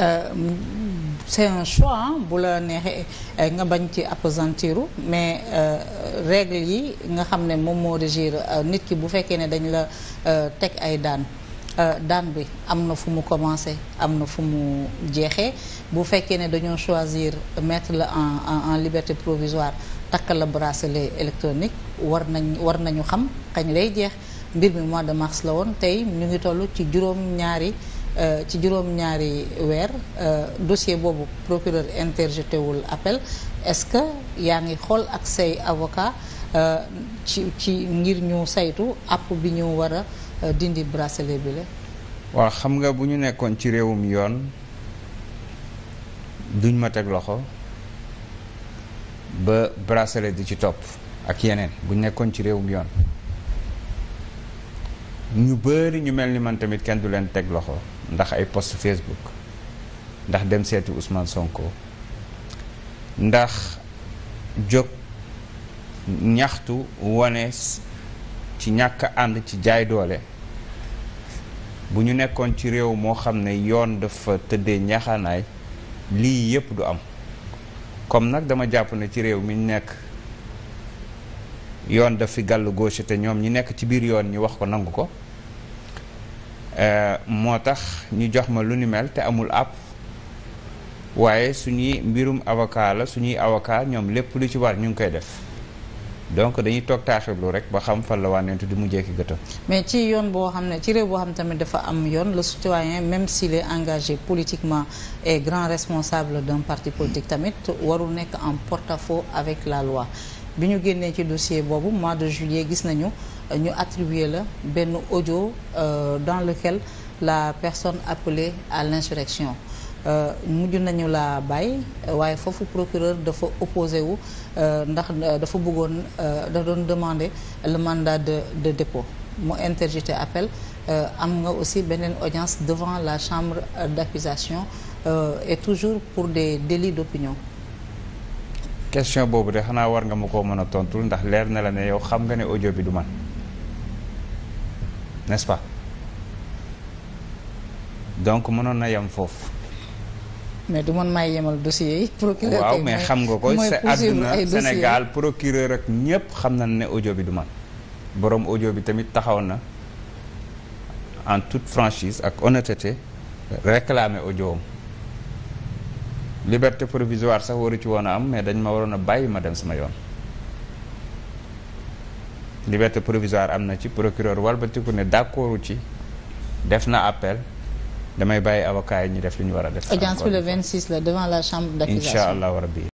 Euh, c'est un choix bu la neexee euh, nga bañ ci appesantiru mais euh, règle yi nga xam ne moom moo régir nit ki bu fekkee ne dañu la teg ay daan daan bi am na fu mu commencé am na fu mu jeexee bu fekkee ne dañoo choisir mettre la en en liberté provisoire takk la bracelet électronique war nañ war nañu xam kañ lay jeex mbir mi mois de mars la woon tey ñu ngi toll ci juróom ñaari Euh, ci juróom-ñaari weer euh, dossier boobu procureur interjeté wul appel est-ce que yaa ngi xool ak say avocat euh, ci ci ngir ñu saytu app bi ñu war a dindi bracelet bi la. waaw xam nga bu ñu nekkoon ci réewum yoon duñ ma teg loxo ba bracelet di ci topp ak yeneen bu nekkoon ci réewum yoon. ñu bari ñu mel ni man tamit kenn du leen teg loxo ndax ay post Facebook ndax dem seeti Ousmane Sonko ndax jóg ñaxtu wane ci ñàkk ànd ci jaay doole bu ñu nekkoon ci réew moo xam ne yoon dafa tëdde ñaxanaay lii yépp du am comme nag dama jàpp na ci réew mi nekk yoon daf fi gàll gauche te ñoom ñi nekk ci biir yoon ñi wax ko nangu ko euh, moo tax ñu jox ma lu ni mel te amul àpp waaye suñuy mbirum avocat la suñuy avocat ñoom lépp lu ci war ñu ngi koy def donc dañuy toog taaxirlu rek ba xam fan la wànneentu di mujjee ki gëtam mais ci yoon boo xam ne ci réew boo xam tamit dafa am yoon le citoyen même s'il est engagé politiquement et grand responsable d'un parti politique tamit warul nekk en porte à avec la loi bi ñu génnee ci dossier boobu mois de juillet gis nañu euh, ñu attribuer la benn audio euh, dans lequel la personne appelée à l'insurrection euh, mujj nañu la bàyyi waaye foofu procureur dafa opposé wu ndax dafa bëggoon da doon demander le de de dépôt mu interjeté appel am nga aussi beneen audience devant la chambre d'accusation et toujours pour des délits d'opinion question boobu de xanaa war nga ma koo mën a tontul ndax leer na la ne yow xam nga ne audio bi du man nest pas donc mënoon na yem foofu. mais du man maay yemal dossier yi. waaw mais xam nga ko sa àdduna Sénégal procureur ak ñëpp xam nañ ne audio bi du man boroom audio bi tamit taxaw na en toute franchise ak honnêteté réclamer audio am liberté provisoire sax waru ci woon a am mais dañ ma waroon a bàyyi ma dem sama yoon liberté provisoire am na ci procureur walbatiku ne d'accordu ci def na appel damay bàyyi avocat yi def li ñu war a def. audience bi le 26 la devant la chambre d'accusation incha allah rabbi